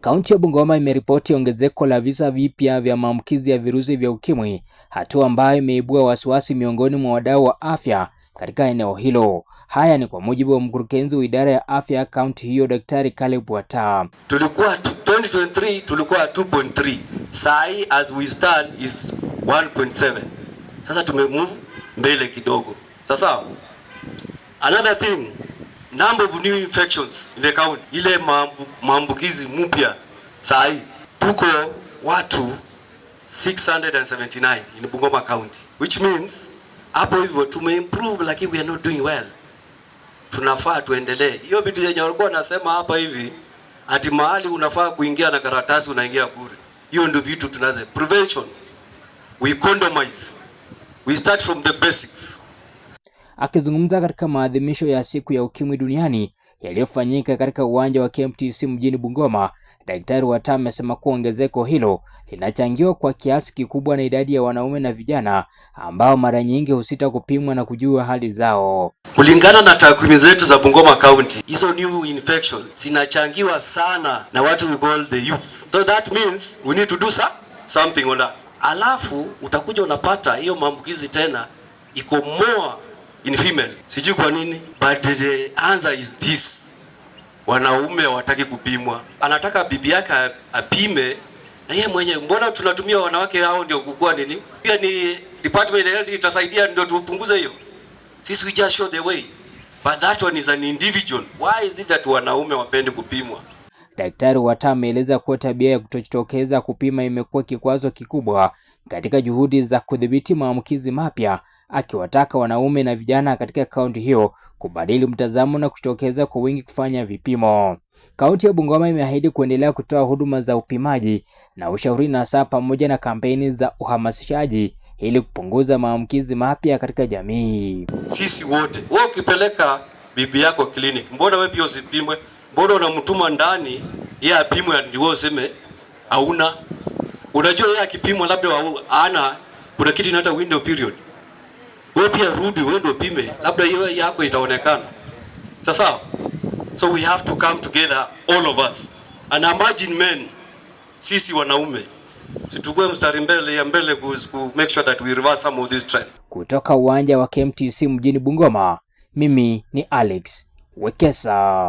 Kaunti ya Bungoma imeripoti ongezeko la visa vipya vya maambukizi ya virusi vya ukimwi, hatua ambayo imeibua wasiwasi miongoni mwa wadau wa afya katika eneo hilo. Haya ni kwa mujibu wa mkurugenzi wa idara ya afya ya kaunti hiyo, Daktari Caleb Wata. Tulikuwa 2023 tulikuwa 2.3, saa hii as we stand is 1.7. Sasa tumemove mbele kidogo. Sasa another thing number of new infections in the county, ile maambukizi mpya saa hii tuko watu 679 in Bungoma county, which means hapo hivyo tume improve, lakini we are not doing well. Tunafaa tuendelee hiyo vitu yenye walikuwa nasema hapa hivi ati mahali unafaa kuingia na karatasi unaingia bure. Hiyo ndio vitu tunaze prevention, we condomize, we start from the basics Akizungumza katika maadhimisho ya siku ya ukimwi duniani yaliyofanyika katika uwanja wa KMTC mjini Bungoma, Daktari Wata amesema kuwa ongezeko hilo linachangiwa kwa kiasi kikubwa na idadi ya wanaume na vijana ambao mara nyingi husita kupimwa na kujua hali zao. Kulingana na takwimu zetu za Bungoma County, hizo new infection zinachangiwa sana na watu we call the youth. So that means we need to do something on that. Alafu utakuja unapata hiyo maambukizi tena iko more in female, sijui kwa nini, but the answer is this: wanaume hawataki kupimwa. Anataka bibi yake apime na yeye mwenye. Mbona tunatumia wanawake hao ndio kukua nini? Pia ni department of health itasaidia, ndio tupunguze hiyo. Sisi we just show the way, but that one is an individual. Why is it that wanaume wapende kupimwa? Daktari Wata ameeleza kuwa tabia ya kutojitokeza kupima imekuwa kikwazo kikubwa katika juhudi za kudhibiti maambukizi mapya akiwataka wanaume na vijana katika kaunti hiyo kubadili mtazamo na kujitokeza kwa wingi kufanya vipimo. Kaunti ya Bungoma imeahidi kuendelea kutoa huduma za upimaji na ushauri na saa pamoja na kampeni za uhamasishaji ili kupunguza maambukizi mapya katika jamii. Sisi wote, wewe ukipeleka bibi yako clinic, mbona wewe pia usipimwe? Mbona unamtuma ndani yeye apimwe ndio useme hauna? Unajua yeye akipimwa labda hana kuna kitu inaita window period. Wewe pia rudi wewe ndio pime, labda hiyo yako itaonekana. Sasa so we have to come together all of us and imagine men, sisi wanaume situkue mstari mbele ya mbele ku make sure that we reverse some of these trends. Kutoka uwanja wa KMTC mjini Bungoma, mimi ni Alex Wekesa.